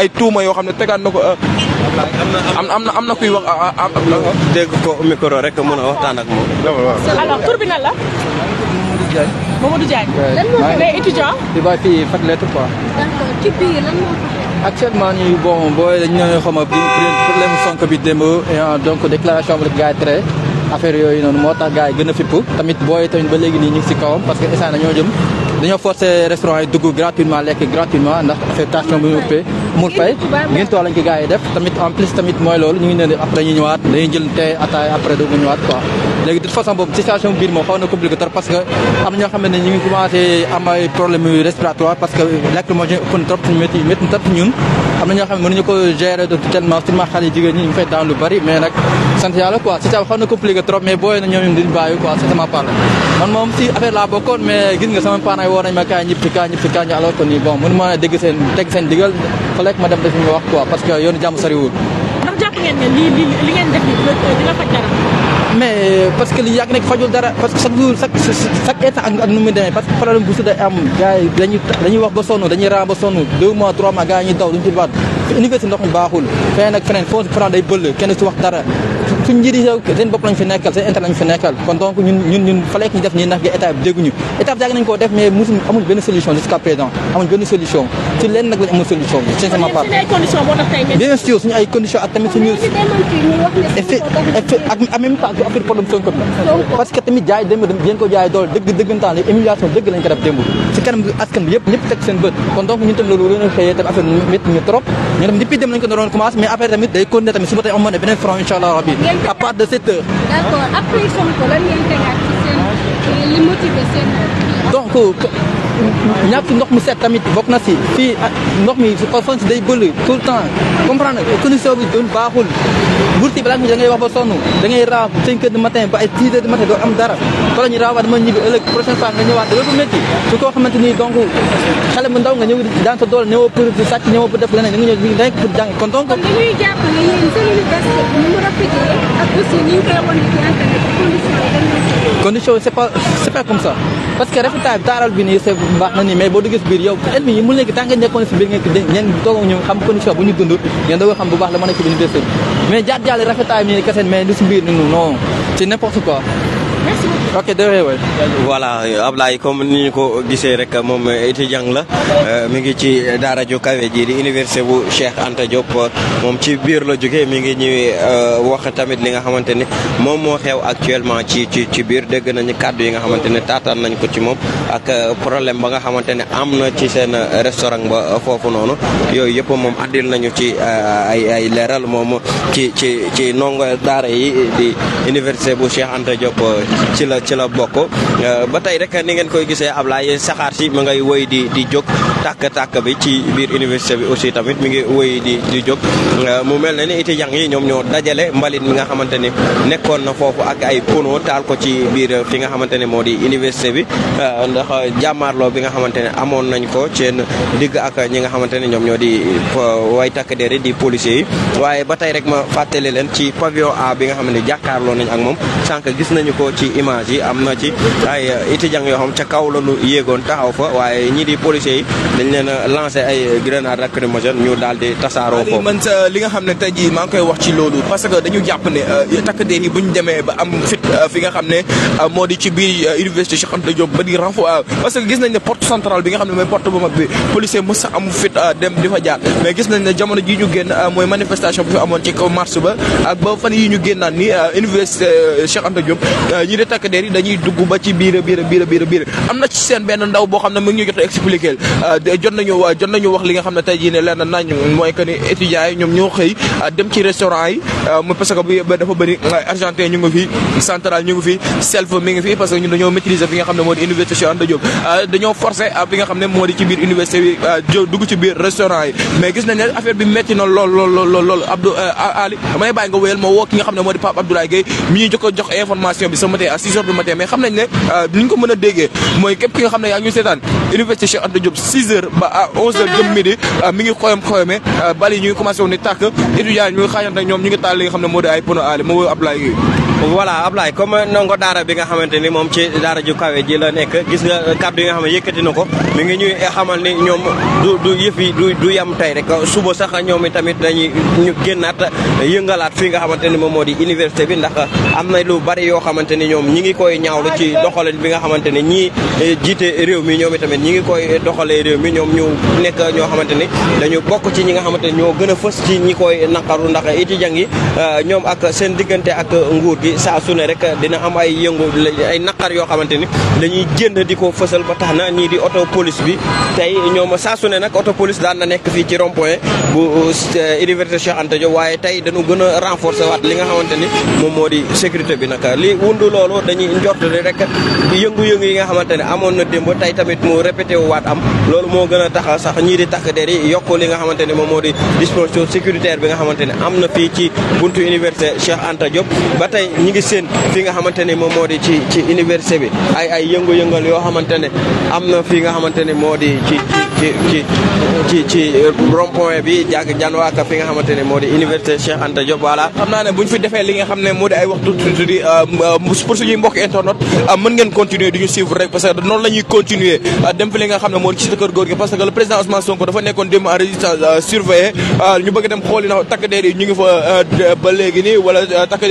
ay tuuma yoo xam ne tegaat na ko. Euh, am na am na kuy wax am na. dégg ko micro rek mën a waxtaan ak moom. alors tur bi la. di bàyyi fii Fatou actuellement nii bon booy dañu ne xam nga problème Sonko bi démb ah, donc déclaration bi rek yi tere affaire yooyu noonu moo tax gars gën a fipp tamit booy tamit ba léegi nii ñu ngi si kawam parce que instant dañoo jëm. dañoo forcé restaurant yi dugg gratuitement lekk gratuitement ndax affectation bu ñu uppee mul fay ngeen toog lañ yi def tamit en plus tamit mooy loolu ñu ngi ne après ñu ñëwaat dañuy jël tey ataay après dugg ñëwaat ko léegi de toute façon boobu situation biir moom xaw na compliqué parce que am na ñoo xam ne ñu ngi commencé am ay problème respiratoire parce que xale jigéen ñi ñu daan lu bari mais nag sant yàlla quoi situation xaw na compliqué mais booyee na nañ ma kaay ñib si kaay ñib si kaay ñu alors que nii bon mënu ma dégg seen teg digal fa lekk ma dem def wax quoi parce que yoonu jàmm sariwul ndax jàpp ngeen ne li li ngeen def ni dina faj dara mais euh, parce que li yàgg nekk fajul dara parce que chaque jour chaque chaque état ak nu demee parce que problème bu su day am dañuy wax ba sonn dañuy raam ba sonn deux mois trois mois gars yi ñuy daw duñu ci baat ndox mi baaxul feneen ak feneen foo si prend day bëll si wax dara suñ njiit yi seen bopp lañ fi nekkal seen intérêt lañ ñu def nii ndax état def mais mosuñ amul benn solution jusqu'à présent amul benn solution ci leen nag lañ amul solution sincèrement pas bien sûr suñu ay conditions ak tamit suñu ak même temps affaire problème Sonko bi parce que tamit jaay démb yéen ko jaay doole dëgg dëggantaan la émulation bët kon donc ñun tamit loolu lena xëyee tamit affaire métti trop ñu dem depuis dem lañ ko naroon commencé mais tamit day tamit suba tey à part de sept euh, euh, ndox mu set tamit bokk na si. fii ah, ndox mi parfois day bëri tout le temps comprendre nga condition bi doon baaxul burti balaa nga da ngay wax ba sonn dangay ngay raaf 5 du matin ba ay 10 heures du matin doo am dara wala ñu raawaat ma ñibbi ëllëg prochaine fois nga ñëwaat loolu métti su koo xamante ni donc xale mu ndaw nga ñëw daan sa doole ñëwoo pour sàcc ñëwoo pour def leneen nga ñëw da ngay pour jàng kon donc. kon dañuy jàpp ne condition yi c'est pas c'est pas comme ça parce que rafetaay taaral bi nii c'est baax na nii mais boo duggee si biir yow elmi yi mun nekk tant que nekkoon si biir ngeen ko ngeen toog ak ñoom xam condition bu ñu dund ngeen doog a xam bu baax la mën a ci biir ñu mais jaar jàll rafetaay bi nii kese mais lu si biir nii non c'est n'importe quoi merci beaucoup. de vrai voilà Ablaye comme ni ñu ko gisee rek moom étudiant la euh, mi ngi ci daar ju kawe ji di université bu Cheikh Anta Diop moom ci biir la jógee mi ngi ñuy euh, wax tamit li nga xamante ni moom moo xew actuellement ci ci ci biir dégg nañu kàddu yi nga xamante ne taataan nañ ko ci moom ak euh, problème ba nga xamante ne am na ci seen restaurant ba foofu noonu yooyu yëpp moom andil nañu ci ay ay leeral moom ci ci ci ndongo daara yi di université bu Cheikh Anta Diop. ci la ci la bokk euh, ba tey rek ni ngeen koy gisee Ablaye saxaar si ma ngay woy di di jóg tàkk-tàkk bi ci biir université bi aussi tamit mi ngi woy di di jóg euh, mu mel ne ni étudiants yi ñoom ñoo dajale mbalit mi nga xamante ni nekkoon na foofu ak ay pono taal ko ci biir fi nga xamante ne moo di université bi euh, ndax jàmmaarloo bi nga xamante ne amoon nañ ko seen digg ak ñi nga xamante ne ñoom ñoo di way takk deri di policiers yi waaye ba tey rek ma fàttali leen ci pavillon A bi nga xam ne jàkkaarloo nañ ak moom sànq gis nañu ko ci image yi am na ci ay étudiants yoo xam ca kaw yéegoon taxaw fa waaye dañ leen lancé ay grenade lacrymogène ñu daal di tasaaroo foofu man li nga xam ne tey jii maa ngi koy wax ci loolu parce que dañu jàpp ne euh, takk der yi bu demee ba am fit euh, fi nga xam ne euh, moo di ci biir université Cheikh Anta Diop gis nañ ne porte centrale bi nga xam ne mooy porte bu mag bi policier mës sa am fit dem di nañ ne jamono ji ñu génn mooy manifestation bi fi amoon ci kaw mars ba ak ba fan yi ñu génnaan ni université Cheikh Anta Diop ñi takk der yi dañuy dugg ba ci biir biir biir biir biir am na ci seen benn ndaw boo xam ne mu ngi jot a jot nañu jot nañu wax li nga xam ne tey jii ne leer na nañu mooy que ni étudiants yi ñoom ñoo xëy ah, dem ci restaurant yi ah, parce que bu dafa bëri ah, argentin ñu ngi fi central ñu ngi fi self mi ngi fi parce que ñun dañoo maîtriser fi nga xam ne moo di moo di ci biir restaurant yi mais gis nañ ne affaire bi metti na lool lool lool Ali damay bàyyi nga wéyal ma woo ki nga xam ne moo di Pape Abdoulaye Gueye mi ñuy jox information bi ce matin à 6 heures du matin mais xam nañ ne ni ñu ko mën a déggee mooy képp ki nga xam ne yaa ñu seetaan université Cheikh Anta heures ba à ah, onze heures jëm midi ah, mi ngi xoyam ah, comme ndongo daara bi nga xamante ni moom ci daara ju kawe ji la nekk gis nga kàddu yi nga mi ngi ñuy xamal ni ñoom du du yëf yi du du rek suba sax ñoom i tamit dañuy yëngalaat fii nga xamante moom moo di université bi ndax am na lu bari yoo xamante ni ñoom ñi ngi koy ñaawlu ci doxalin bi nga xamante ni ñii jiite réew mi ñoom i tamit ñi ngi koy doxalee réew mi ñoom ñu nekk ñoo xamante ni dañu bokk ci ñi nga xamante ni ñoo gën a fës ci ñi koy naqaru ndax étudiants yi euh, ñoom ak seen diggante ak nguur gi saa su rek dina am ay yëngu ay naqar yoo xamante ni dañuy génn di ko fësal ba tax na ñii di auto police bi tey ñoom saa su ne nag auto police daan na nekk fii ci rond point bu euh, université Cheikh Anta waaye tey dañu gën a renforcer waat li nga xamante ni moom moo di sécurité bi nag li wundu loolu dañuy njort rek yëngu-yëngu yi nga xamante ne amoon na démb am moo gën a tax sax ñii di takk der yi yokk nga xamante moo di disposition bi nga xamante am na fii ci buntu université Cheikh Anta ba tey ñi ngi seen fi nga xamante ne moom moo di ci ci université bi ay ay yëngu-yëngal yoo xamante ne am na fii nga xamante ne moo di ci ci ci ci ci rond-point bi jàkk janwaaka fi nga xamante ne moo di université Cheikh Anta Diop voilà xam naa ne bu ñu fi defee li nga xam ne moo di ay waxtu tuuti euh, euh, pour suñuy mbokk internet euh, mën ngeen continuer di ñu suivre rek parce que noonu la ñuy continuer nga xam ne moo di ci sa kër góor gi parce que le président Ousmane Sonko dafa nekkoon euh, euh, dem euh, ba léegi nii wala takk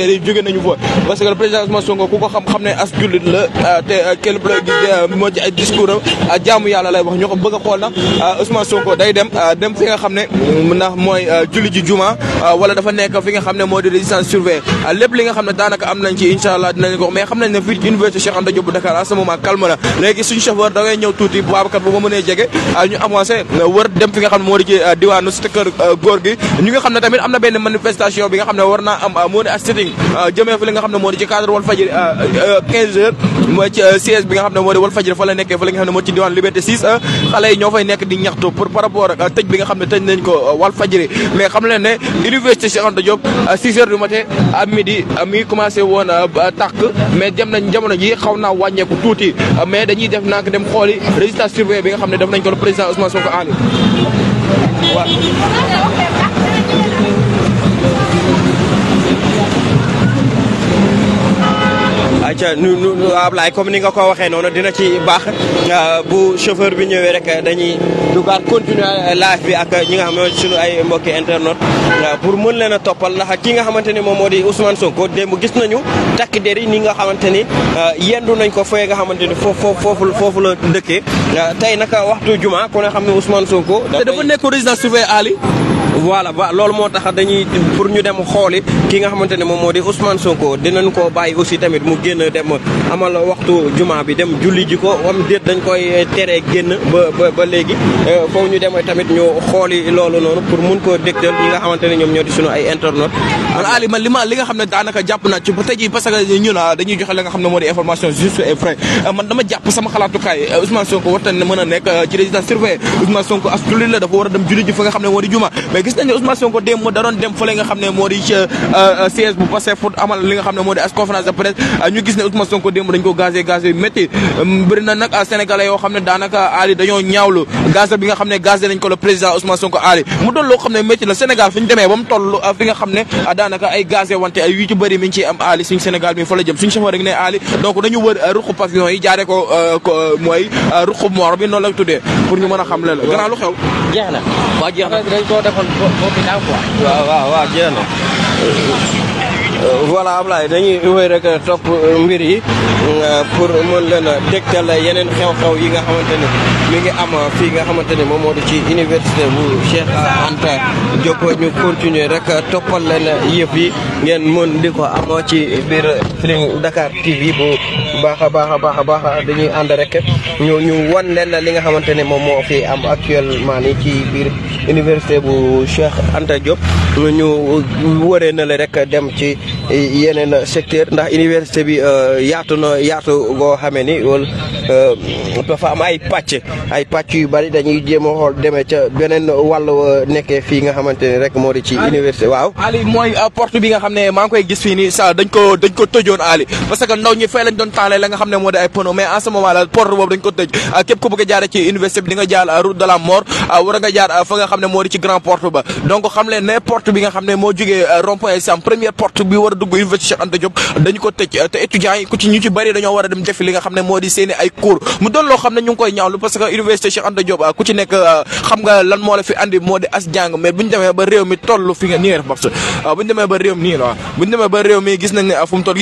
ne as jullit la te kenn moo discours am jaamu yàlla lay wax ñu ko bëgg a xool nag Ousmane Sonko day dem dem fi nga xam ne mooy di résistance surveillé lépp li nga xam ne daanaka am nañ ci incha allah dinañ ko mais xam ne fii université Cheikh Anta Diop bu Dakar à ce moment calme léegi suñu chauffeur da ñëw tuuti Babacar bu ma mënee jege Euh, ñu avancé euh, war dem fi nga xam ne moo di ci euh, diwaanu cité kër góor gi ñi nga xam ne tamit am na benn manifestation bi nga xam ne war naa am moo di ne moo di ci ci xam ne moo di wal fajiri fa nekkee fa la nga xam ne moo ci diwaanu liberté 6 xale yi ñoo fay nekk di ñaxtu par rapport ak tëj bi nga xam ne tëj nañ ko wal fajiri mais xam leen ne université Cheikh Anta Diop 6 du matin à midi mi commencé woon tàkk mais dem nañ jamono ji xaw naa wàññeeku tuuti mais dañuy def nak dem xooli résultat surveillé bi nga xam ne def nañ ko wala président Ousmane Sonko aanu waaw ca nu nu Ablaye comme ni nga ko waxee noonu dina ci baax euh, bu chauffeur bi ñëwee rek dañuy dugaat continuer live bi ak ñi nga xam ne suñu ay mbokki internet euh, pour mën leen a toppal ndax ki nga xamante ni moom moo di Ousmane Sonko démb gis nañu takk der yi ni nga xamante ni euh, yendu nañ ko fooyee nga xamante ni foofu foofu foofu la dëkkee tey naka waxtu juma ku ne xam ne Ousmane Sonko. dafa nekk résidence surveillée Ali voilà ba loolu moo tax dañuy pour ñu dem xooli ki nga xamante ne moom moo di Ousmane Sonko dinañ ko bàyyi aussi tamit mu génn dem amal waxtu juma bi dem julli ji ko am déet dañ koy teree génn ba ba ba léegi euh, foofu ñu dem tamit ñu xooli loolu noonu pour mun koo dégtal ñi nga xamante ne ñoom ñoo di sunu ay internautes. man Ali man li daanaka jàpp naa ci ba xam ne moo di information juste et vrai euh, man dama jàpp sama xalaatukaay euh, Ousmane Sonko war mën a nekk ci résidence surveillée Ousmane Sonko as jullit la dafa war dem julli ji fa nga xam ne moo di juma Euh, gis nañ ne Ousmane Sonko démb mu daroon dem fële nga xam ne moo di euh, euh, siège bu Pastef pour amal li nga xam ne moo di as conférence de presse ñu gis ne Ousmane Sonko démb dañ ko gazé gazé yu métti bëri na nag sénégalais yoo xam ne daanaka Ali dañoo ñaawlu gazé bi nga xam ne gazé nañ ko le président Ousmane Sonko Ali mu doon loo xam ne métti la Sénégal fi ñu demee ba mu toll fi nga xam ne daanaka ay gazé wante ay yu ci bëri mi ngi ciy am Ali suñ Sénégal mi fa la jëm suñ chauffeur rek ne Ali donc dañu wër ruqu pavillon yi jaare ko mooy ruqu moor bi noonu la tuddee pour ñu mën a xam la gannaaw lu xew jeex na waaw jeex na dañ ko defoon boo boo fi daaw quoi. waaw waaw waaw jéem voilà Ablaye dañuy wéy rek euh, topp euh, mbir yi euh, pour mën leen a dégtal yeneen xew-xew yi nga xamante ni mi ngi am fii nga xamante ni moom moo di ci université bu Cheikh Anta Diop ñu continuer rek toppal leen yëf yi ngeen mën di ko am ci biir Feeling bu baax a baax a baax a baax dañuy ànd rek ñu ñu wan leen li nga xamante ni moom moo fi am actuellement ni ci biir université bu Cheikh Anta Diop ñu wëree na rek dem ci. yeneen secteur ndax université bi euh, yaatu na yaatu goo xamee ni wala euh, dafa am ay pàcc ay pàcc yu bari dañuy jéem a xool demee ca beneen wàll nekkee fii nga xamante ni rek moo di ci université waaw Ali mooy euh, porte bi nga xam ne maa koy gis fii nii sa dañ ko tëjoon Ali parce que ndaw ñi fee lañ doon taalee nga xam ne moo di ay pono mais en ce porte boobu dañ ko tëj képp ku bëgg a jaare ci université bi di nga jaar route de la mort war nga jaar xam ne moo di ci grand porte bi war a dugg université Cheikh Anta Diop dañu ko tëj te étudiants yi ku ci ñu ci bëri dañoo war a dem def nga xam ne moo di seen ay cours mu doon xam ne ñu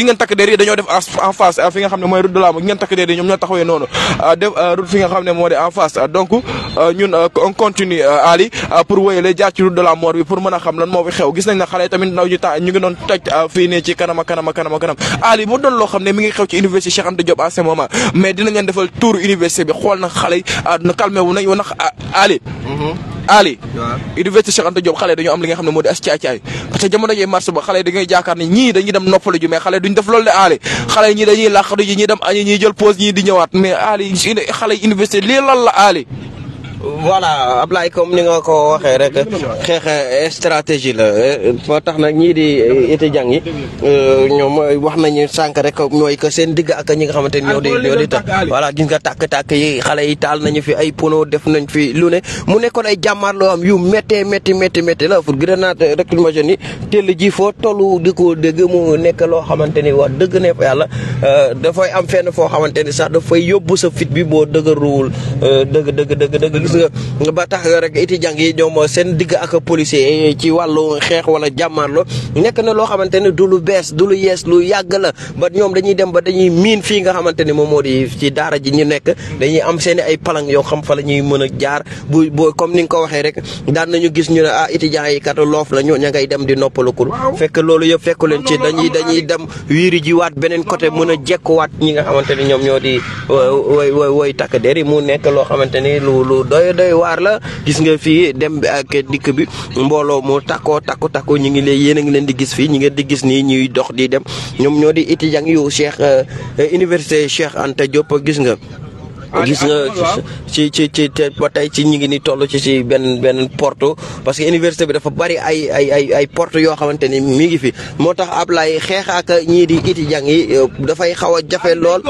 ngeen takk der euh, noonu euh, euh, Ali pour wéyale jaar ci route de la bi pour mën a xam lan moo fi xew gis nañ ne xale tamit ndaw ñu temps ñu ngi doon toj féenee ci kanam a kanam a kanam a kanam Ali mu doon loo xam ne mi ngi xew ci université Cheikh Anta Diop à ce moment mais dinañ leen defal tour université bi xool na xale yi ah, na calmé wu nañ ndax ah, Ali. Mhm. Ali université xale dañoo am li xam ne moo di as caay parce que jamono yi mars ba xale da ngay jaakaar ne ñii dañuy noppalu ju mais xale duñ def loolu de Ali xale ñii dañuy ñii dem añi ñii di ñëwaat mais Ali xale université lii lan la Ali voilà Ablaye comme ni nga ko waxee rek xeex stratégie la moo tax nag ñii di étudiants yi euh, ñoom wax nañu sànq rek mooy que seen digg ak ñi nga xamante ni ñoo di ñoo di tax gis nga tàkk-tàkk yi xale yi taal nañu fi ay pono def nañ fi lu ne mu nekkoon ay jàmmaarloo am yu méttee métti métti métti la pour grenade lacrymogène yi tell ji foo toll di ko dëgg mu nekk loo xamante ni wax dëgg ne fa yàlla euh, dafay am fenn foo xamante ni sax dafay yóbbu sa fit bi boo dëgëruwul euh, dëgg dëgg dëgg dëgg gis nga ba tax rek étudiants yi ñoom seen digg ak policier ci wàllu xeex wala jàmmaarlo nekk na loo xamante ne du lu bees du lu yees lu yàgg la ba ñoom dañuy dem ba dañuy miin fii nga xamante ne moom moo di ci daara ji ñu nekk dañuy am seen i ay palang yoo xam fa la ñuy mën a jaar bu boo comme ni nga ko waxee rek daan nañu gis ñu ne ah étudiants yi kat loof la ñu ña ngay dem di noppalukul fekk loolu yëpp fekku leen ci dañuy dañuy dem wiiri ji waat beneen côté mën a jekkuwaat ñi nga xamante ne ñoom ñoo di doy doy waar la gis nga fii dem bi ak dikk bi mbooloo moo takkoo takku takku ñu ngi leen yéen a ngi leen di gis fii ñi ngeen di gis nii ñuy dox di dem ñoom ñoo di iti étudiants yu Cheikh euh, euh, université Cheikh ante Diop gis nga gis nga euh, euh, ci ci ci ba tey ci ñu ngi ni toll ci ci benn benn porte parce que université bi dafa bari ay ay ay yoo xamante ni mi ngi fi moo tax Ablaye xeex ak ñii di étudiants yi euh, dafay xaw a jafe ah, lool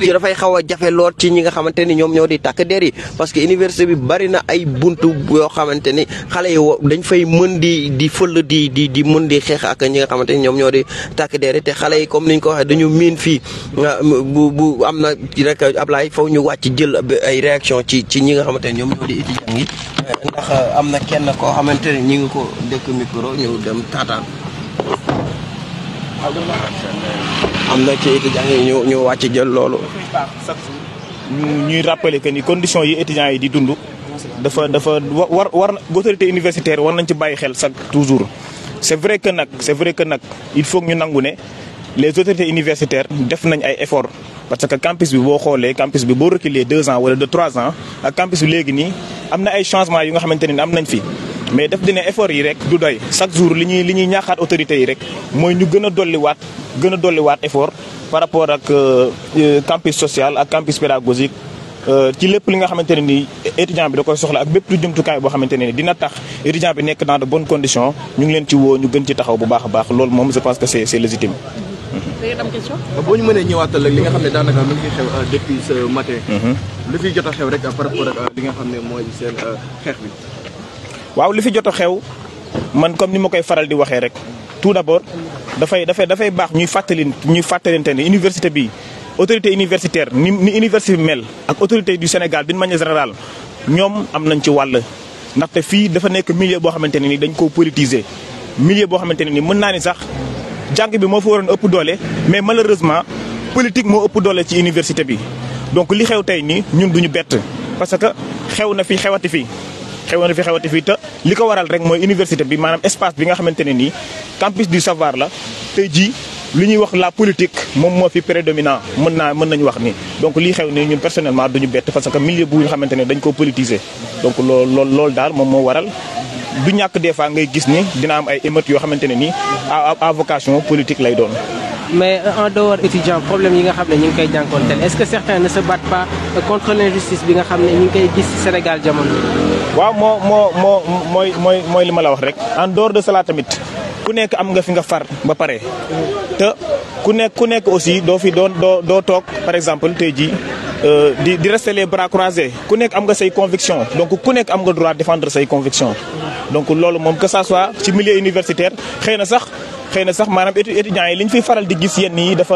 ci dafay xaw a jafe lool ci ñi nga xamante ni ñoom ñoo di takk der yi parce que université bi bari na ay buntu yoo xamante ni xale yi dañ fay mën di di fël di di di mën di xeex ak ñi nga xamante ni ñoom ñoo di takk der te xale yi comme niñ ko waxee dañu miin fii ah, bu bu am na rek Ablaye faw ñu wàcc jël ay réaction ci ci ñi xamante ne ñoom ñoo di étudiants yi eh, ndax eh, am na kenn koo xamante ne ñi ngi ko dëkk micro ñëw dem taataan am na ci étudiants yi ñu wàcc jël loolu ñu ñuy rappeler que ni conditions yi étudiants yi di dund dafa dafa war war autorité universitaire war nañ ci bàyyi xel sax toujours c'est vrai que nag c'est vrai que nag il faut ñu nangu ne les autorités universitaires def nañ ay efforts parce que campus bi boo xoolee campus bi boo reculer deux ans wala de trois ans ak campus bi léegi nii am na ay changement yu nga xamante ne am nañ fi. mais def dina effort yi rek du doy chaque jour li ñuy li ñuy ñaaxaat autorités yi rek mooy ñu gën a dolliwaat gën a dolliwaat effort par rapport ak euh, campus social ak campus pédagogique. Euh, ci lépp li nga xamante ne ni étudiant bi da koy soxla ak bépp lu jumtukaay boo xamante ne ni dina tax étudiant bi nekk dans de bonnes conditions ñu ngi leen ci woo gën ci taxaw bu baax a baax moom je da am boo ñu mënee ñëwaatal li nga xam ne daanaka mi ngi xew euh, depuis ce matin. Mhm. li fi jot a xew rek par rapport ak euh, li nga xam ne mooy seen euh, xeex bi. waaw li fi jot a xew man comme ni ma koy faral di waxee rek tout d'abord dafay dafay dafay baax ñuy fàttali ñuy fàttalante ne université bi autorité universitaire ni ni université bi mel ak autorité du Sénégal d'une manière générale ñoom am nañ ci wàll. ndaxte fii dafa nekk millier boo xamante ne ni dañ koo politiser milieu boo xamante ne ni mën naa ni sax. jàng bi moo fa waroon ëpp doole mais malheureusement politique moo ëpp doole ci université bi donc li xew tey nii ñun duñu bett parce que xew na fi xewati fi xew na fi xewati te li ko waral rek mooy université bi maanaam espace bi nga xamante ne nii campus du savoir la tey jii lu ñuy wax la politique moom moo fi prédominant mën naa mën nañu wax ni donc lii xew nii ñun personnellement duñu bett parce que milieu bu nga xamante ne dañ ko politiser donc lool lool loolu daal moom moo waral du ñàkk des fois ngay gis ni dina am ay émeutes yoo xamante ne nii à vocation politique lay doon. mais euh, en dehors étudiant problème yi nga xam ne ñu ngi koy jànkoonteel est-ce que certains ne se battent pas euh, contre l'injustice bi nga xam ne ñu ngi koy gis Sénégal jamono waaw moo moo moo mooy mooy mooy li ma la wax rek. en dehors de cela tamit ku nekk am nga fi nga far ba pare te ku nekk ku nekk aussi doo fi doon doo doo toog par exemple tey ji Euh, di di rester les bras croisés ku nekk am nga say conviction donc ku nekk am nga droit défendre say conviction donc loolu moom que ça soit ci milieu universitaire xëy sax xëy sax maanaam étudiants yi li fiy faral di gis yenn yi dafa